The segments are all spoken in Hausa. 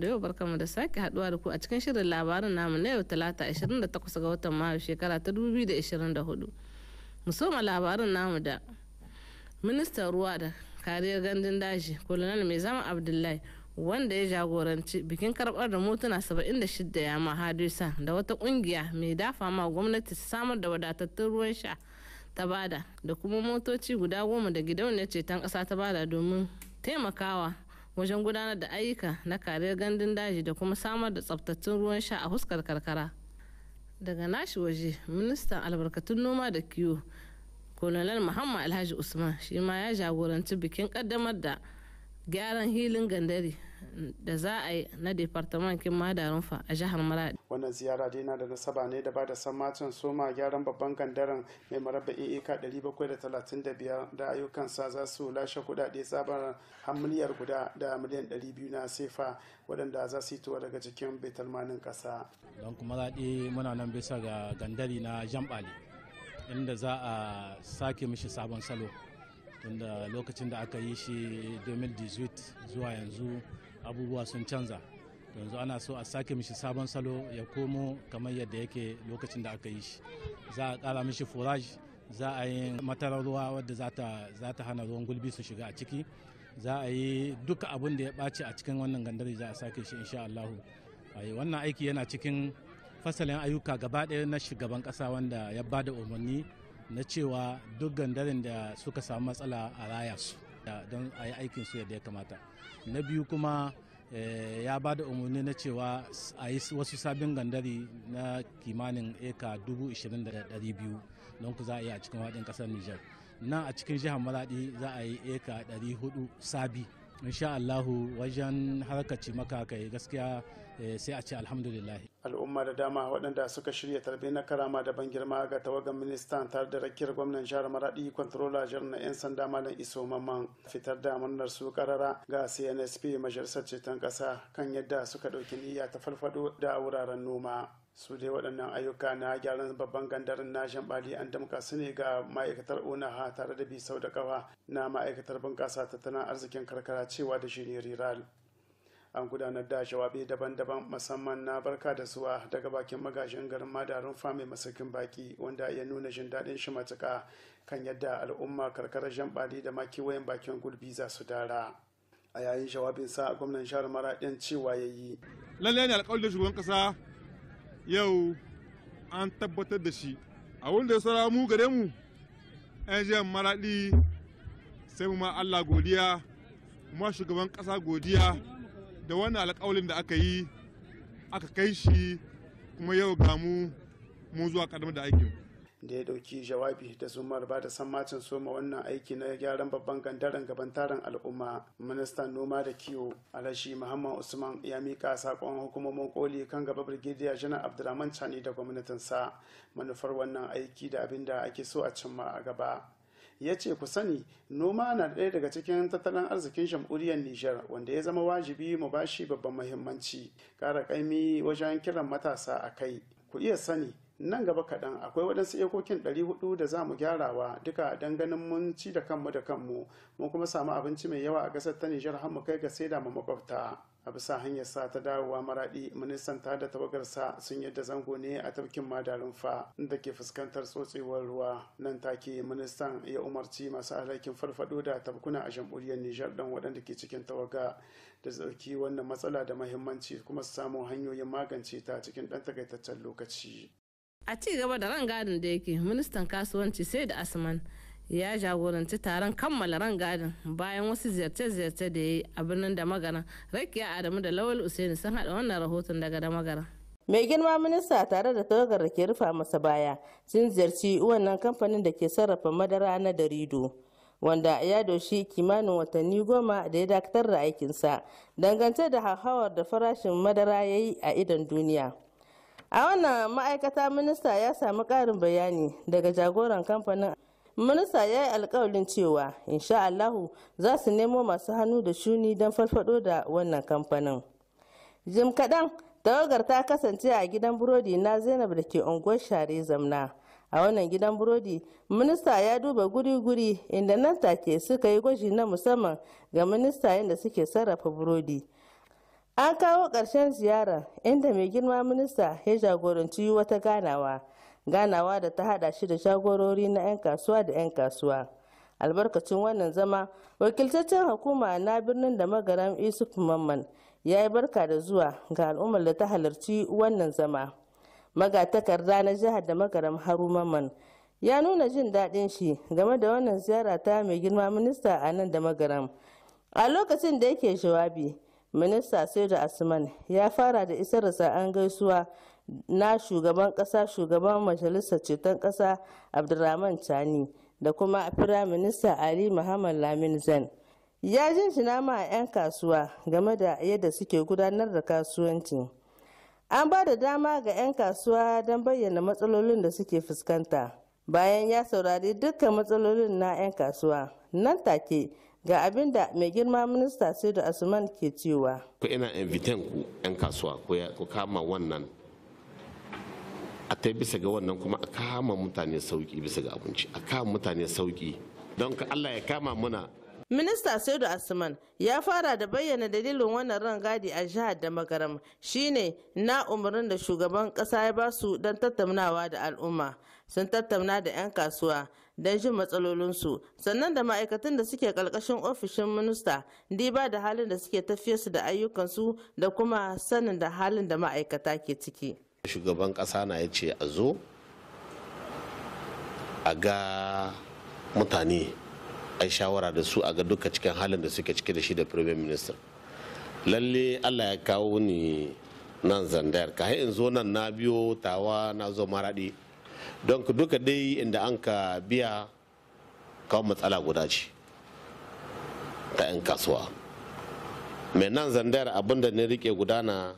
da yau barkamu da sake haduwa da ku a cikin shirin labarin namu na yau talata 28 ga watan mayu shekara ta 2024. soma labarin namu da ministan ruwa da kariyar gandun daji kolonel mai zama abdullahi wanda ya jagoranci bikin karbar da motuna 76 ya ma mahadisa da wata kungiya mai dafa ma gwamnati samar da wadatattun ruwan sha ta bada da kuma motoci guda goma da gidauniyar ceton kasa ta bada domin taimakawa wajen gudanar da ayyuka na kariyar gandun daji da kuma samar da tsabtattun ruwan sha a huskar karkara daga nashi waje ministan albarkatun noma da kiwo kolonel muhammad alhaji usman shi ma ya jagoranci bikin kaddamar da gyaran hilin gandari da za a yi na departamentin da rumfa a jihar maradi wannan ziyara dai na da nasaba ne da ba bada sammacin soma gyaran babban gandaran mai maraba eka 735 da ayyukansa za su lashe kudade tsabar har miliyar guda da miliyan 200 na sefa waɗanda za su tuwa daga jikin betalmanin ƙasa don kuma zaɗi muna nan bisa ga gandari na jambali inda za a sake mishi sabon salo tunda lokacin da aka yi shi 2018 zuwa yanzu abubuwa sun canza yanzu ana so a sake mishi sabon salo ya komo kamar yadda yake lokacin da aka yi shi za a kara mishi forage za a yi matarar ruwa wadda za ta hana ruwan gulbi su shiga a ciki za a yi duka abin da ya ɓaci a cikin wannan gandari za a sake shi insha Allahu wannan aiki yana cikin fasalin ayyuka gaba ɗaya na shugaban ƙasa wanda ya bada umarni na cewa duk gandarin da suka samu matsala a raya su don a yi aikin su yadda ya kamata na biyu kuma eh, ya ba da umarni na cewa a yi wasu sabin gandari na kimanin eka 20,200 don ku za a yi a cikin waɗin ƙasar nijar nan a cikin jihar maladi za a yi eka 400 sabi insha Allahu wajen harkaci makakai gaskiya eh, sai a ce alhamdulillah al'umma da dama waɗanda suka shirya tarbe na karama da ban girma ga tawagan ministan tare da rakiyar gwamnan jihar maradi kwantarola jihar na 'yan sanda malam iso mamman fitar da murnar su karara ga cnsp majalisar ceton ƙasa kan yadda suka ɗauki niyya ta farfado da wuraren noma su dai waɗannan ayyuka na gyaran babban gandarin na shambali an damka su ne ga ma'aikatar onaha tare da bisau da kawa na ma'aikatar bunƙasa tattalin arzikin karkara cewa da shi ne riral an gudanar da jawabi daban-daban musamman na barka da suwa daga bakin magashin garin madarin fami masaukin baki wanda ya nuna jin daɗin shi matuka kan yadda al'umma karkarar bali da ma kewayen bakin gulbi za su dara. a yayin jawabinsa gwamnan jihar maraɗin cewa ya yi lallai ne alƙawar da shugaban ƙasa yau an tabbatar da shi a wanda ya sara mu gare mu 'yan jiyan maraɗi sai mu ma allah godiya ma shugaban ƙasa godiya da wani alƙawalin da aka yi aka kai shi kuma yau ga mu mun zuwa ƙaddamar da aikin da ya ɗauki jawabi da zumar ba da sammacin soma wannan aiki na gyaran babban gandaren gaban taron al'umma ministan noma da kiwo alashi muhammad usman ya mika sakon hukumomin koli kan gaba birgidiya janar abdulrahman chani da gwamnatinsa manufar wannan aiki da abin da ake so a cimma a gaba ya ce ku sani noma na ɗaya daga cikin tattalin arzikin jamhuriyar nijar wanda ya zama wajibi mu bashi babban muhimmanci ƙara kaimi wajen kiran matasa a kai ku iya sani nan gaba kaɗan akwai waɗansu ekokin 400 da za mu gyarawa duka don ganin mun ci da kanmu da kanmu mun kuma samu abinci mai yawa a ƙasar ta nijar har mu kai ga saida ma makwabta a bisa hanyar sa ta dawowa maraɗi ministan ta da sa sun yadda zango ne a tafkin madarin fa da ke fuskantar tsotsewar ruwa nan take ministan ya umarci masu alhakin farfado da tafkuna a jamhuriyar nijar ɗan waɗanda ke cikin tawaga da tsauki wannan matsala da mahimmanci kuma su samu hanyoyin magance ta cikin ɗan takaitaccen lokaci a ci gaba da rangadin da yake ministan kasuwanci sai da asman ya jagoranci taron kammala rangadin bayan wasu ziyarce-ziyarce da ya yi a birnin da magana rakiya adamu da lawal usaini sun haɗa wannan rahoton daga da magana mai girma minista tare da tawagar da ke rufa masa baya sun ziyarci wannan kamfanin da ke sarrafa madara na darido wanda ya doshi kimanin watanni goma da ya dakatar da aikinsa dangance da hauhawar da farashin madara ya yi a idon duniya a wannan ma'aikata minista ya samu karin bayani daga jagoran kamfanin minista ya yi alkawalin cewa insha allahu za su nemo masu hannu da shuni don farfado da wannan kamfanin jim kaɗan tawagar ta kasance a gidan burodi na zainab da ke unguwar share zamna a wannan gidan burodi minista ya duba guri-guri inda nan take suka yi gwaji na musamman ga minista yadda suke sarrafa burodi an kawo ƙarshen ziyara inda mai girma minista ya jagoranci wata ganawa ganawa da ta hada shi da jagorori na 'yan kasuwa da 'yan kasuwa albarkacin wannan zama wakilcaccen hukuma na birnin da magaram isuf mamman ya yi barka da zuwa ga al'ummar da ta halarci wannan zama magatakarda na jihar da magaram haru mamman ya nuna jin daɗin shi game da wannan ziyara ta mai girma minista a nan da magaram a lokacin da yake jawabi minista da asman ya fara da isar da sa'an gaisuwa na shugaban kasa shugaban majalisar ceton kasa abdulrahman chani da kuma firaminista ali muhammad lamin zan ya jinjina a 'yan kasuwa game da yadda suke gudanar da kasuwanci an ba da dama ga 'yan kasuwa don bayyana matsalolin da suke fuskanta bayan ya saurari dukkan matsalolin na 'yan kasuwa nan take ga abin da mai girma minista saidu asuman ke cewa ku ina inviten ku 'yan kasuwa ku kama wannan a ta bisa ga wannan kuma a kama mutane sauki bisa ga abinci a kama mutane sauki don ka allah ya kama muna Minista Saidu Asman ya fara da bayyana dalilin wannan rangadi a jihar da magaram shine na umarnin da shugaban kasa ya basu don tattaunawa da al'umma sun tattauna da 'yan kasuwa don jin matsalolinsu sannan da ma'aikatan da suke ƙarƙashin ofishin minista diba da halin da suke tafiyarsu da ayyukansu da kuma sanin da halin da ma'aikata ke ciki shugaban ƙasa na ya ce a zo a ga mutane a shawara da su a ga duka cikin halin da suke ciki da shi da firayim minista lalle allah ya kawo ni nan zandar ka in zo nan na biyo tawa na zo maraɗi don duka dai inda an ka biya kawo matsala guda ce ta 'yan kasuwa mai nan zandar abinda ne rike gudana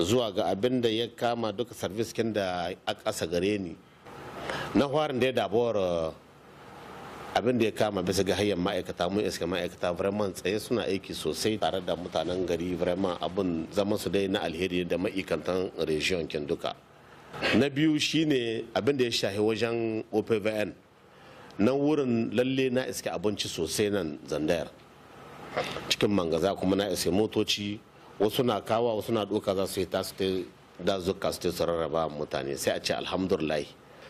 zuwa ga abin ya kama duka sarfiskin da a ƙasa gare ni na hwarin eh, da ya dabuwar abin ya kama bisa ga hanyar ma'aikata mun iska ma'aikata vraiment tsaye suna aiki sosai tare da mutanen gari vraiment abin zaman su dai na alheri da maikatan region kin duka na biyu shine abin da ya shahi wajen opvn nan wurin lalle na iske abinci sosai nan zandayar cikin mangaza kuma na iske motoci wasu na kawa wasu na doka za su yi ta su da zuka su su rarraba mutane sai a ce alhamdulillah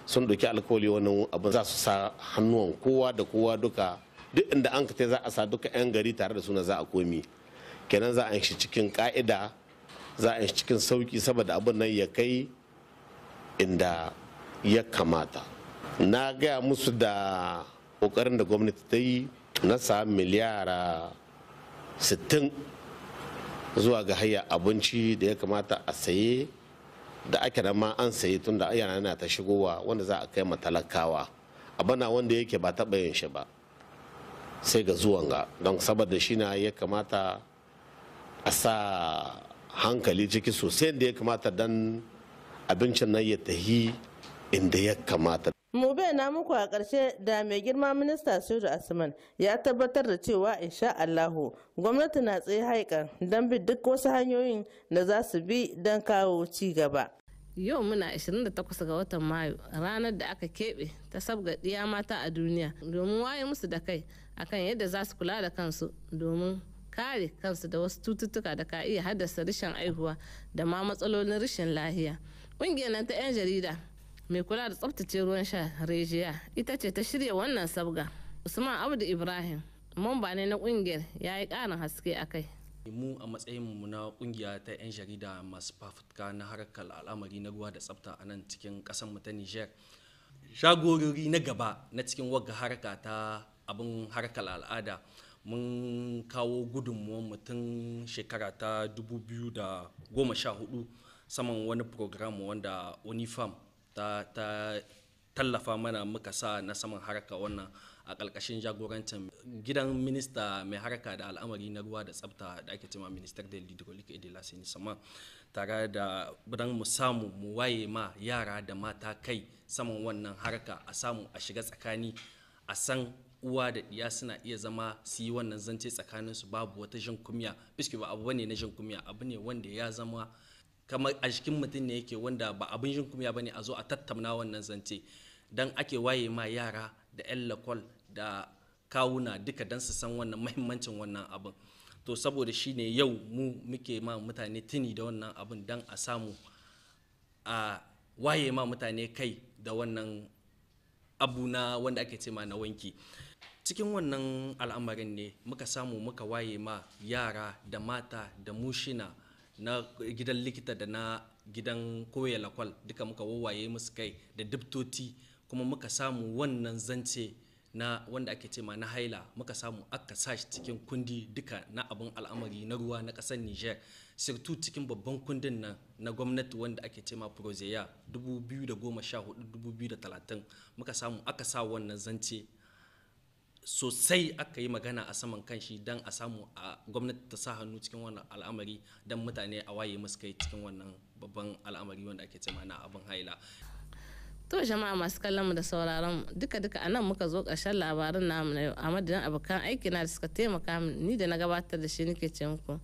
sun doki alkawali wani abin za su sa hannuwan kowa da kowa duka duk inda an ka za a sa duka 'yan gari tare da suna za a komi kenan za a shi cikin ka'ida za a shi cikin sauki saboda abin nan ya kai inda ya kamata na gaya musu da ƙoƙarin da gwamnati ta yi na sa miliyara 60 zuwa ga hayar abinci da ya kamata a saye da ake da ma an saye tun da ayyana yana ta shigowa wanda za a kai matalakawa bana wanda yake ba taɓa yin shi ba sai ga zuwan ga don saboda shi na ya kamata a sa hankali ciki sosai da ya kamata don abincin nan ya tahi inda ya kamata Mube na muku a ƙarshe da mai girma minista Sojo Asman ya tabbatar da cewa insha Allahu gwamnati na tsaye haikan don bi duk wasu hanyoyin da za su bi don kawo ci gaba. Yau muna 28 ga watan Mayu ranar da aka keɓe ta sabga ɗiya mata a duniya domin waye musu da kai akan yadda za su kula da kansu domin kare kansu da wasu cututtuka da ka iya haddasa rashin aihuwa da ma matsalolin rashin lahiya. Ƙungiyar nan ta 'yan jarida mai kula da tsabtace ruwan sha Rejiya ita ce ta shirya wannan sabga. Usman Abdu Ibrahim, mamba ne na ƙungiyar ya yi ƙarin haske a kai. mu a matsayin mu na kungiya ta 'yan jarida masu fafutuka na harkar al'amari na ruwa da tsabta a nan cikin kasan mu ta Niger. Shagorori na gaba na cikin wagga harka ta abin harkar al'ada mun kawo gudunmuwan mutum shekara ta 2014 saman wani program wanda unifam ta, ta tallafa mana muka sa na saman haraka wannan a ƙarƙashin jagorancin gidan minista mai haraka da al'amari na ruwa da tsabta da ake cewa minister da hidrolik et la sama tare da don mu samu mu waye ma yara da mata kai saman wannan haraka a samu a shiga tsakani a san uwa da ɗiya suna iya zama su yi wannan zance tsakaninsu babu wata jin kumya biski ba abu ne na jin kumya abu ne wanda ya zama kamar a jikin mutum ne yake wanda ba abin jin kumya ne a zo a tattauna wannan zance dan ake waye ma yara da yan lakol da kawuna duka don su san wannan mahimmancin wannan abin to saboda shi ne yau mu muke ma mutane tuni da wannan abin dan a samu a waye ma mutane kai da wannan abu na wanda ake ce ma na wanki cikin wannan al'amarin ne muka samu muka waye ma yara da mata da mushina na gidan likita da na gidan koya lakwal duka muka wawaye musu kai da dubtoti kuma muka samu wannan zance na wanda ake ce na haila muka samu aka sashi cikin kundi duka na abin al'amari na ruwa na ƙasar niger sirtu cikin babban kundin nan na gwamnati wanda ake ce ma prozeya 2014-2030 muka samu aka sa wannan zance sosai aka yi magana a saman kanshi shi don a samu a gwamnati ta sa hannu cikin wannan al'amari don mutane a waye musu kai cikin wannan babban al'amari wanda ake ce na abin haila to jama'a masu kallon mu da sauraron duka duka a nan muka zo ƙarshen labarin namu na yau a madadin abokan aiki na da suka taimaka min ni da na gabatar da shi nake ce muku